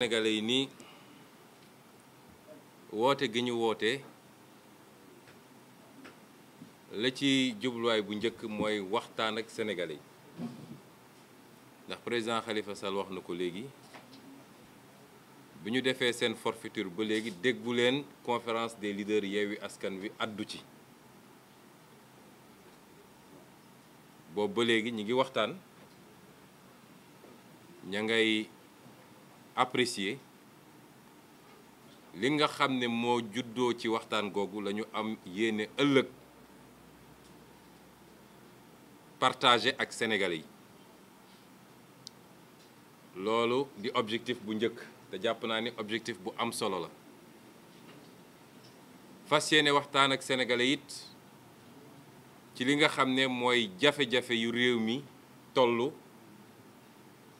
Sénégalais yi nii woote gi ñu woote la ci jubluwaay bu njëkk mooy waxtaan ak Sénégalais yi ndax président Khalifa sal wax na ko léegi bi ñu defee seen forfaiture ba léegi déggu leen conférence des leaders Yewwi Askan Wi addu ci boobu ba léegi ñi ngi waxtaan ña ngay apprécier li nga xam ne moo juddoo ci waxtaan googu lañu am yéene ëllëg partage ak Sénégalais yi loolu di objectif bu njëkk te jàpp naa ni objectif bu am solo la fas yéene waxtaan ak sénégalais it ci li nga xam ne mooy jafe-jafe yu réew mi tollu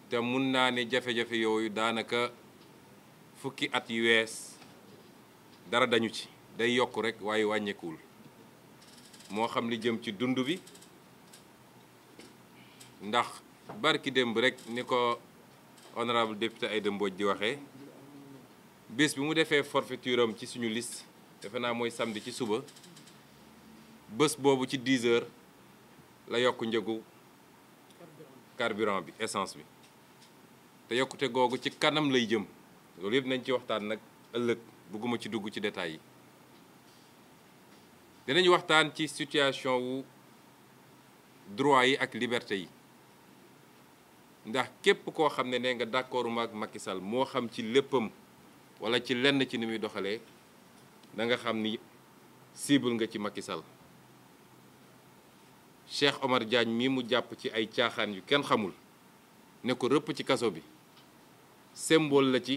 te mun naa ne jafe-jafe yooyu daanaka fukki at yi wees dara dañu ci day yokk rek waaye wàññeekuwul moo xam li jëm ci dund bi ndax barki démb rek ni ko honorable député ay Mbodj di waxe bis bi mu defee forfaiture ci suñu lis defe naa mooy samedi ci suba bés boobu ci 10 la yokk njëgu carburant bi essence bi te yokkute googu ci kanam lay jëm loolu nañ ci waxtaan nag ëllëg bëgguma ci dugg ci détails yi dinañu waxtaan ci situation wu droit yi ak liberté yi ndax képp koo xam ne ne nga d'accorduma ak makisal moo xam ci léppam wala ci lenn ci ni muy doxalee da xam ni cible nga ci makisal Sall Cheikh Omar Diagne mi mu jàpp ci ay caaxaan yu kenn xamul ne ko rëpp ci kaso bi symbole la ci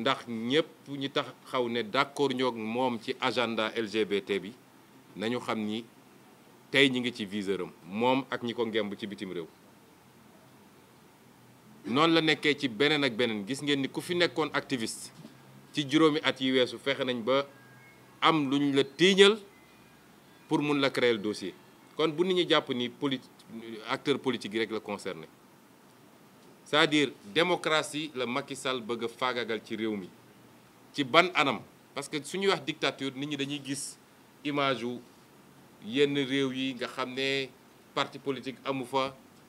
ndax ñépp ñi tax xaw ne d'accord ñoog moom ci agenda LGBT bi nañu xam ni tey ñi ngi ci viseuram moom ak ñi ko ngemb ci bitim réew noonu la nekkee ci beneen ak beneen gis ngeen ni ku fi nekkoon activiste ci juróomi at yi weesu fexe nañ ba am luñ la tiiñal pour mun la créer le dossier kon bu nit ñi jàpp ni poli acteur politique yi rek la concerné cest diir dire démocratie la Macky Sall bëgg faagagal ci réew mi ci ban anam parce que su wax dictature nit ñi dañuy gis image wu yenn réew yi nga xam ne parti politique amu fa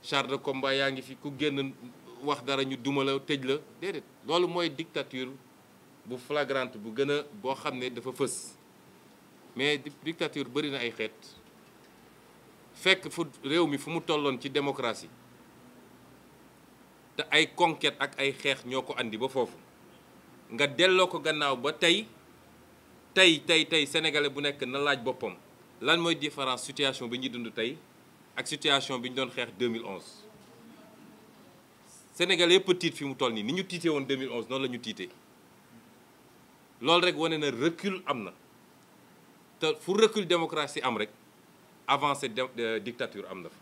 char de combat yaa ngi fi ku génn wax dara ñu duma la tëj la déedéet loolu mooy dictature bu flagrante bu gën a boo xam ne dafa fës mais dictature bëri na ay xeet fekk fu réew mi fu mu tolloon ci démocratie te ay conquête ak ay xeex ñoo ko indi ba foofu nga delloo ko gannaaw ba tey tey tey tey sénégalais bu nekk na laaj boppam lan mooy différence situation bi ñuy dund tey ak situation bi ñu doon xeex 2011. sénégalais yëpp tiit fi mu toll nii ni ñu tiitee woon 2011 noonu la ñu tiitee loolu rek wane na recul am na te fu recul démocratie am rek avancé de dictature am na fa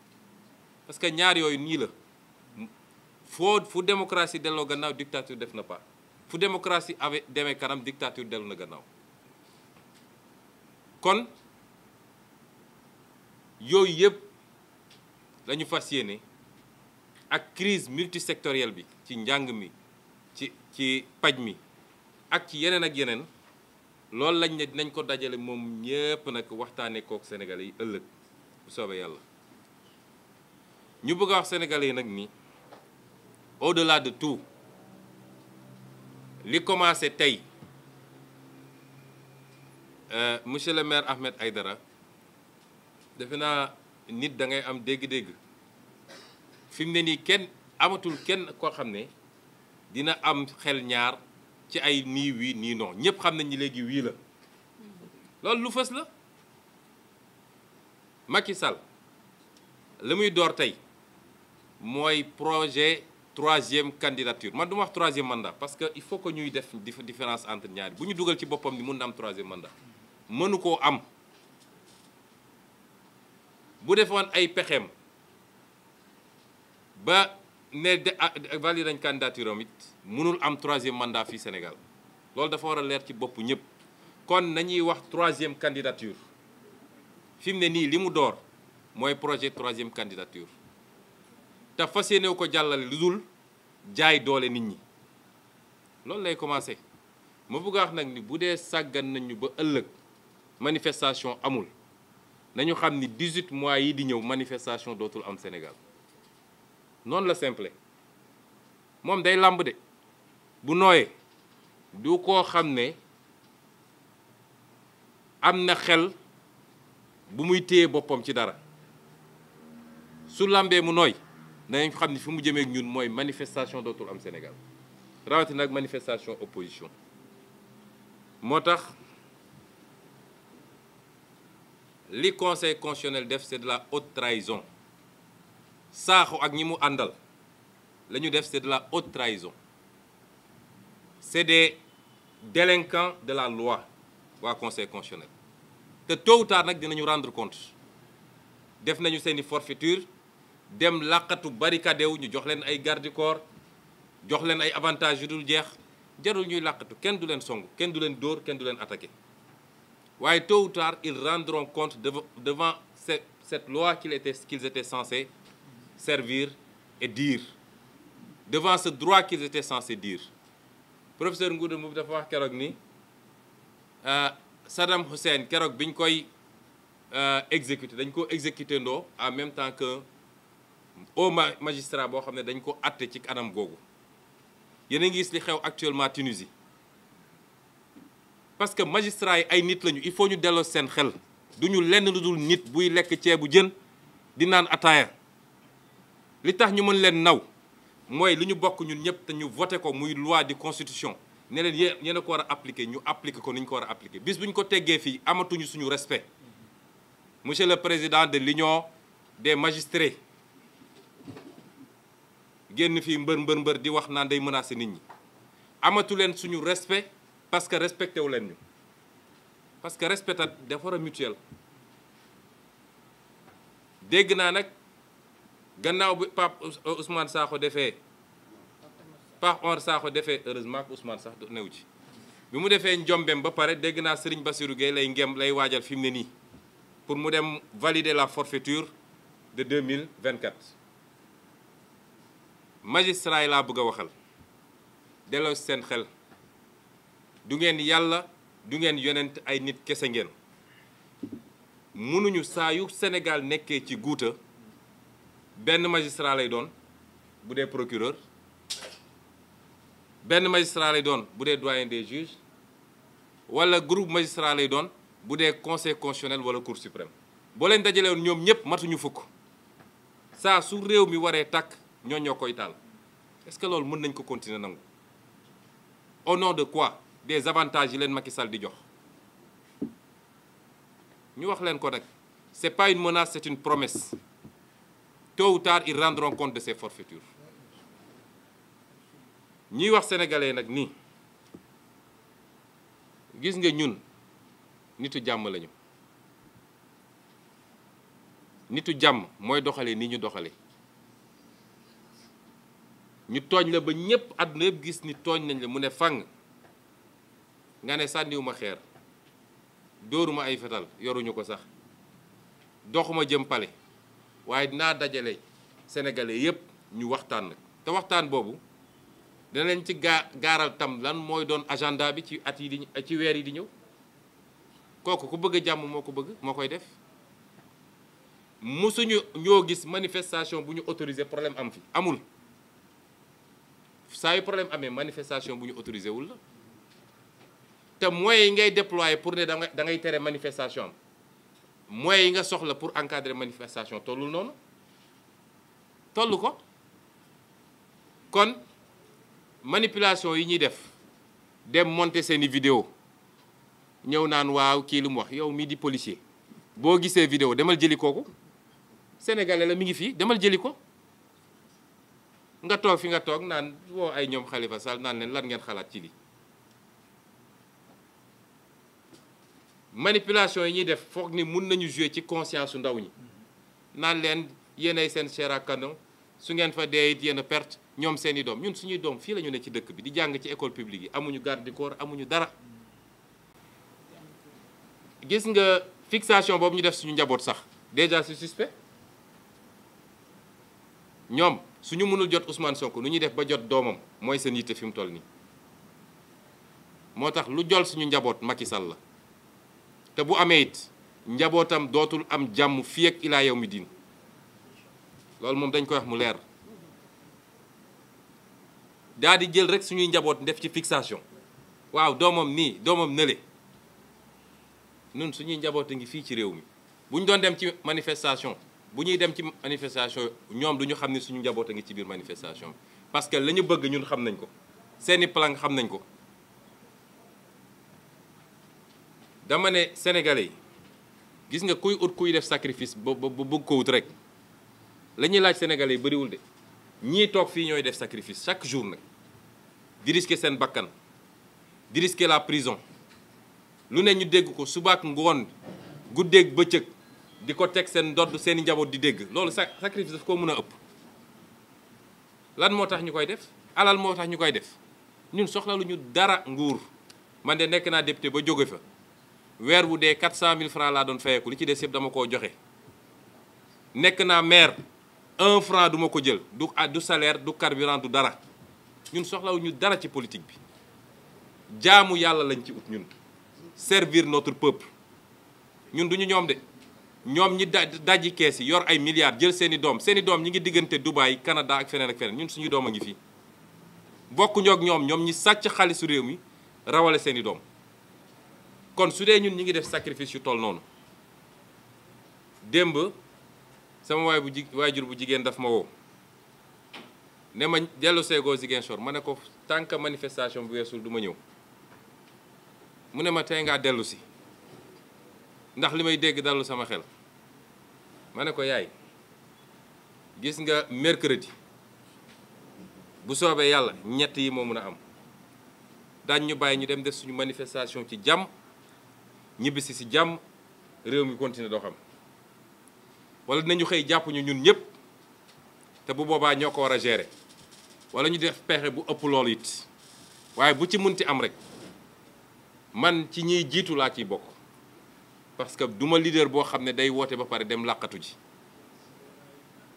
parce que ñaar yooyu nii la. foo fu démocratie delloo gannaaw dictature def na pas fu démocratie ave demee kanam dictature dellu na gannaaw kon yooyu yëpp lañu fas yéene ak crise multisectorielle bi ci njàng mi ci ci paj mi ak ci yeneen ak yeneen loolu lañ ne dinañ ko dajale moom ñëpp nag waxtaanee kook Sénégalais yi ëllëg bu soobee yàlla ñu bëgg a wax yi nag nii au-delà de tout li commencé tey euh, monsieur le maire Ahmed Aïdara defe naa nit da ngay am dégg-dégg fi mu ne nii kenn amatul kenn koo xam ne dina am xel ñaar ci ay nii wii nii non ñëpp xam nañ ni léegi wii la loolu lu fës la Macky Sall la muy door tey mooy projet troisième candidature man du wax troisième mandat parce que il faut que ñuy def différence entre ñaari bu ñu dugal ci boppam ni mun na am troisième mandat mënu koo am bu defoon ay pexeem ba ne de ah, valide nañ candidature it mënul am troisième mandat fii Sénégal loolu dafa war a leer ci bopp ñëpp kon nañuy wax troisième candidature fi mu ne nii li mu door mooy projet troisième candidature te fas yéene ko jàllale lu dul jaay doole nit ñi loolu lay commencé ma bëgg wax nag ni bu dee sàggan nañu ba ëllëg manifestation amul nañu xam ni 18 mois yi di ñëw manifestation dootul am senegal noonu la simple moom day làmb de bu nooyee du koo xam ne am na xel bu muy téye boppam ci dara su làmbee mu nooy nañ xam ni fi mu jëmee ñun mooy manifestation dootul am Sénégal rawatina nag manifestation opposition moo tax li conseil constitutionnel def c'est de la haute trahison saaxu ak ñi mu àndal la ñu def c'est de la haute trahison c'est des délinquants de la loi waa conseil constitutionnel te tôt ou tard nag dinañu rendre compte def nañu seeni forfaiture dem làqatu barikadew ñu jox leen ay garde jox leen ay avantages yu dul jeex jarul ñuy làqatu kenn du leen song kenn du leen dóor kenn du leen attaqué waaye tôt ou tard ils rendront compte devant cette loi qu'ils étaient qu'ils étaient censés servir et dire devant ce droit qu'ils étaient censés dire professeur Ngouda Mboup dafa wax keroog ni euh, Saddam Hussein keroog biñ koy euh, exécuté dañ ko exécuté ndoo en même temps que au magistrat boo xam ne dañ ko àtte ci anam googu yéen a ngi gis li xew actuellement Tunisie parce que magistrat yi ay nit lañu il faut ñu delloo seen xel du ñu lenn lu dul nit buy lekk ceebu jën di naan ataaya li tax ñu mën leen naw mooy li ñu bokk ñun ñëpp te ñu voté ko muy loi di constitution ne leen yéen ko war a appliqué ñu appliqué ko ni ñu ko war a appliqué bis bu ñu ko teggee fii amatuñu suñu respect monsieur le président de l'union des magistrats génn fii mbër mbër mbër di wax naa day menacer nit ñi amatu leen suñu respect parce que respecté wu leen ñu parce que respectat dafa war a mutuel dégg naa nag gannaaw bi Pape euh, Ousmane Sakho defee Pape Omar Sakho defee heureusement que Ousmane sax newu ci bi mu defee njombeem ba pare dégg naa Serigne Bassirou Gueye lay ngem lay waajal fi mu ne nii pour mu dem valider la forfaiture de 2024 magistrat yi laa bëgg a waxal delloo seen xel du ngeen yàlla du ngeen yonent ay nit kese ngeen mënuñu saa yu Sénégal nekkee ci guuta benn magistrat lay doon bu dee procureur benn magistrat lay doon bu dee doyen des juges wala groupe magistrat lay doon bu dee conseil constitutionnel wala cour suprême boo leen dajalewoon ñoom ñëpp matuñu fukk saa su réew mi waree tàkk ñoo ñoo koy taal est que loolu mën nañ ko continuer nangu au nom de quoi des avantages yi leen Macky sal di jox ñu wax leen ko nag c'est pas une menace c'est une promesse tôt ou tard ils de ces forfaitures ñuy wax sénégalais nag nii gis nga ñun nitu jàmm lañu nitu jàmm mooy doxale ni ñu doxale ñu tooñ la ba ñëpp àdduna yëpp gis ni tooñ nañ la mu ne fang nga ne sànniwuma xeer dóoruma ay fetal yoruñu ko sax doxuma jëm pale waaye dinaa dajale sénégalais yëpp ñu waxtaan nag te waxtaan boobu dina leen ci gaa gaaral tam lan mooy doon agenda bi ci at yi di ci weer yi di ñëw kooku ku bëgg jàmm moo ko bëgg moo koy def mu musuñu ñoo gis manifestation bu ñu autorisé problème am fi amul saa yu problème amee manifestation bu ñu autorisé wul la te moyens yi ngay déployer pour ne da ngay da ngay tere manifestation am moyens yi nga soxla pour encadrer manifestation tollu noonu tollu ko kon manipulation yi ñuy def dem monter seeni vidéo ñëw naan waaw kii lu mu wax yow mii di policier boo gisee vidéo demal jëli kooku sénégalais la mi ngi fii demal jëli ko nga toog fi nga toog naan woo ay ñoom Khalifa Sall naan leen lan ngeen xalaat ci li manipulation yi ñuy def foog ni mun nañu jouer ci conscience su ndaw ñi naan leen yéenay seen chair à su ngeen fa dee it yéen perte ñoom seeni doom ñun suñuy doom fii la ñu ne ci dëkk bi di jàng ci école publique yi amuñu garde du corps amuñu dara gis nga fixation boobu ñu def suñu njaboot sax déjà c'est suspect ñoom suñu mënul jot Ousmane Sonko nu ñuy def ba jot doomam mooy seen yitte fi mu toll nii moo tax lu jol suñu njaboot Macky Sall la te bu amee it njabootam dootul am jàmm fii ak ilaa yow mi diin loolu moom dañ koy wax mu leer daa jël rek suñuy njaboot def ci fixation waaw doomam nii doomam nële nun suñuy njaboot a ngi fii ci réew mi bu ñu doon dem ci manifestation bu ñuy dem ci manifestation ñoom du ñu xam ne suñu njaboot a ngi ci biir manifestation bi parce que la ñu bëgg ñun xam nañ ko seeni plan xam nañ ko dama ne sénégalais yi gis nga kuy ut kuy def sacrifice ba ba bëgg ko wut rek la ñuy laaj sénégalais yi bëriwul de ñii toog fii ñooy def sacrifice chaque jour nag di risquer seen bakkan di risquer la prison lu ne ñu dégg ko subaat ngoon guddeeg bëccëg di ko teg seen ndodd seen i njaboot di dégg loolu sacrifice daf koo mën a ëpp lan moo tax ñu koy def alal moo tax ñu koy def ñun ñu dara nguur man de nekk naa député ba jóge fa weer wu dee 400000 francs laa doon fayeeku li ci des yëpp dama ko joxe nekk naa maire un franc duma ko jël du ah, du salaire du carburant du dara ñun soxlawuñu dara ci politique bi jaamu yàlla lañ ci ut ñun servir notre peuple ñun duñu ñoom de ñoom ñi da dajji kees yi yor ay milliards jël seen i doom seeni doom ñi ngi diggante Dubaï Canada ak feneen ak feneen ñun suñu doom ngi fi bokkuñu ak ñoom ñoom ñi sàcc xaalisu réew mi rawale seeni doom kon su dee ñun ñi ngi def sacrifice yu toll noonu démb sama waay bu ji jur bu jigéen dafa ma woo ne ma dellu seegoo Ziguinchor ma ne ko tant que manifestation bu weesul du ma ñëw mu ne ma tey ngaa dellu si ndax li may dégg dallu sama xel ma ne ko yaay gis nga mercredi bu soobee yàlla ñett yi moo mën a am daañ ñu bàyyi ñu dem def suñu manifestation ci jàmm ñibbisi si jàmm réew mi continuer doo xam wala dinañu xëy jàpp ñu ñun ñëpp te bu boobaa ñoo ko war a gérer wala ñu def pexe bu ëpp loolu it waaye bu ci munti am rek man ci ñiy jiitu laa ciy bokk parce que du ma leader boo xam ne day woote ba pare dem làqatu ji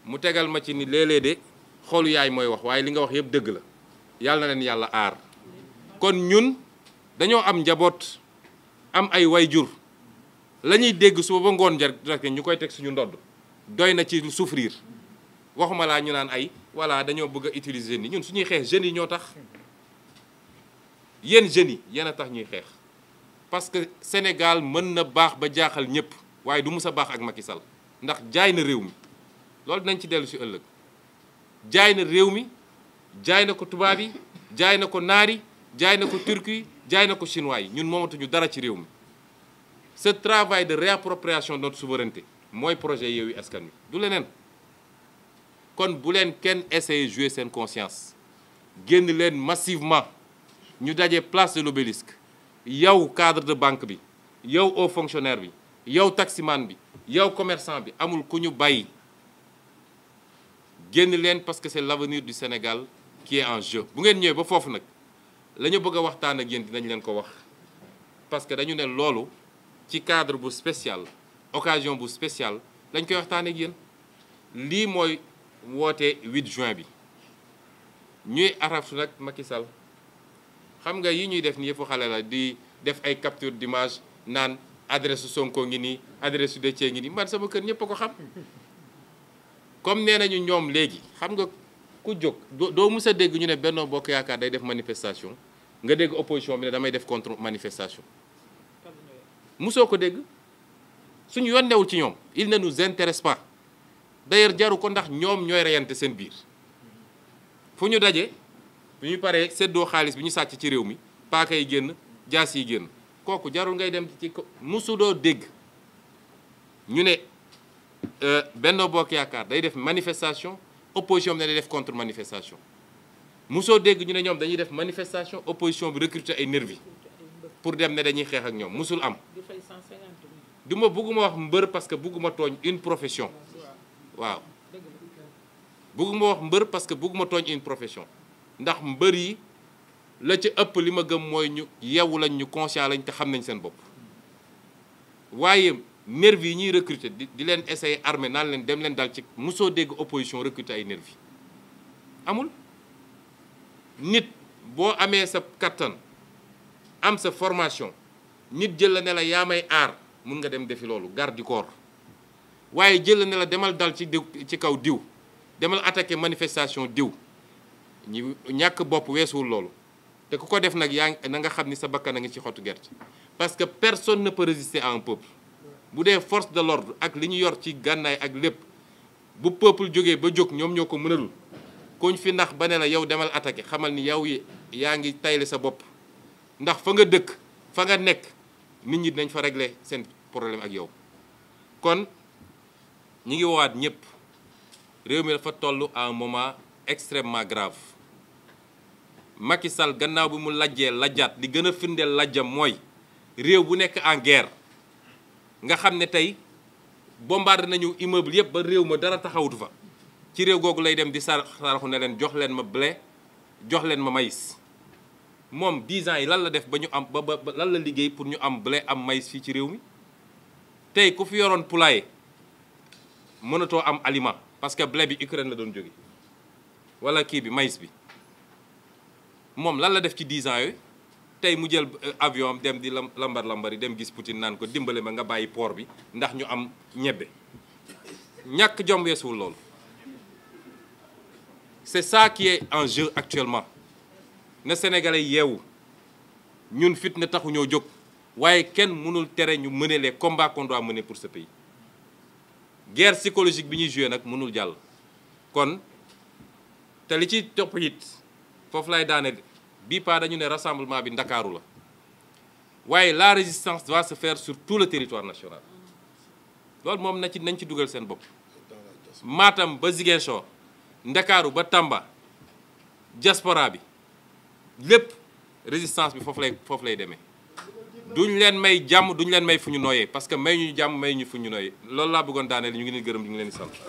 mu tegal ma ci ni léeg-léeg de xoolu yaay mooy wax waaye li nga wax yëpp dëgg la yàlla leen yàlla aar kon ñun dañoo am njaboot am ay way jur lañuy dégg suba ba ngoon jar ñu koy teg suñu ndodd doy na ci souffrir waxuma laa ñu naan ay voilà dañoo bëgg a utiliser ñun suñuy xeex jeunes yi ñoo tax yéen jeunes yi yéen a tax ñuy xeex parce que Sénégal mën na baax ba jaaxal ñëpp waaye du musa baax ak Macky Sall ndax jaay na réew mi loolu dinañ ci dellu si ëllëg jaay na réew mi jaay na ko tubaab yi jaay na ko naar yi jaay na ko turc jaay na ko chinois yi ñun moomatuñu dara ci réew mi ce travail de réappropriation de notre souveraineté mooy projet Yewwi Askan Wi du leneen kon bu leen kenn essayer jouer seen conscience génn leen massivement ñu daje place de l'obélisque yow cadre de banque bi yow haut fonctionnaire bi yow taximan bi yow commerçant bi amul ku ñu bàyyi génn leen parce que c'est l'avenir du Sénégal qui est en jeu bu ngeen ñëwee ba foofu nag la ñu bëgg a waxtaan ak yéen dinañ leen ko wax parce que dañu ne loolu ci cadre bu spécial occasion bu spécial lañ koy waxtaan ak yéen lii mooy woote 8 juin bi ñuy araf nag Macky xam nga yi ñuy def nii yëfu xale la di def ay capture d'image naan su Sonko ngi nii adresse su Déthié ngi nii man sama kër ñëpp a ko xam comme nee nañu ñoom léegi xam nga ku jóg doo mus a dégg ñu ne Benno Bokk Yaakaar day def manifestation nga dégg opposition bi ne damay def contre manifestation musoo ko dégg suñu yoon newul ci ñoom il ne nous intéresse pas jaru ko ndax ñoom ñooy reyante seen biir fu ñu daje bu ñu paree seddoo xaalis bi ñu sàcc ci réew mi paaka yi génn jaas yi génn kooku jarul ngay dem ci ko musuloo dégg ñu ne euh, Benno Bokk Yaakaar day def manifestation opposition bi ne day def contre manifestation musoo dégg ñu ne ñoom dañuy def manifestation opposition bi recruter ay nervi pour dem ne dañuy xeex ak ñoom musul am du ma bugguma wax mbër parce que bugguma tooñ une profession waaw bugguma wax mbër parce que bugguma tooñ une profession ndax mbër yi la ci ëpp li ma gëm mooy ñu yewu lañ ñu conscient lañ te xam nañ seen bopp waaye nervi yi ñuy recruter di di leen essayer armé naan leen dem leen daal ci mosoo dégg opposition recruter ay nervi amul nit boo amee sa kattan am sa formation nit jël la ne la yaa may aar mun nga dem defi loolu garde du corps waaye jël la ne la demal dal ci diw ci kaw diw demal attaquer manifestation diw ñi ñàkk bopp weesuwul loolu te ku ko def nag yaa na nga xam ni sa bakkan a ngi ci xottu gerte parce que personne ne peut en à peuple bu dee force de l'ordre ak li ñu yor ci gànnaay ak lépp bu peuple jógee ba jóg ñoom ñoo ko mënalul kuñ fi ndax ba ne la yow demal attaqué xamal ni yow yaa ngi tayle sa bopp ndax fa nga dëkk fa nga nekk nit ñi dañ fa régler seen problème ak yow kon ñi ngi wowaat ñëpp réew mi dafa toll en moment extrêmement grave Macky Sall gannaaw bi mu lajjee lajjaat li gën a firndeel lajjam mooy réew bu nekk en guerre nga xam ne tey bombardé nañu immeuble yëpp ba réew ma dara taxawutu fa ci réew googu lay dem di saraxu ne leen jox leen ma blé jox leen ma maïs moom 10 ans yi lan la def ba ñu am ba ba lan la liggéey pour ñu am blé am maïs fii ci réew mi tey ku fi yoroon poulailler mënatoo am aliment parce que blé bi Ukraine la doon jóge wala kii bi maïs bi moom lan la def ci 10 ans tey mu jël euh, avion am dem di lambar lambar yi dem gis Poutine naan ko dimbale ma nga bàyyi poor bi ndax ñu am ñebbe ñàkk jom weesuwul loolu c'est ça qui en jeu actuellement na sénégalais yeewu ñun fitna taxu ñoo jóg waaye kenn mënul tere ñu mener les combats qu'on doit pour ce pays guerre psychologique bi ñuy joué nag mënul jàll kon te li ci topp it foofu lay daane bii pas dañu ne rassemblement bi ndakaaru la waaye la résistance doit se faire sur tout le territoire national loolu moom na ci nañ ci dugal seen bopp maatam ba Ziguinchor ndakaaru ba tàmba diaspora bi lépp résistance bi foofu lay foofu lay demee duñ leen may jàmm duñ leen may fu ñu nooyee parce que may ñu jàmm may ñu fu ñu nooyee loolu laa bëggoon daaneel ñu ngi leen gërëm ñu leen di sant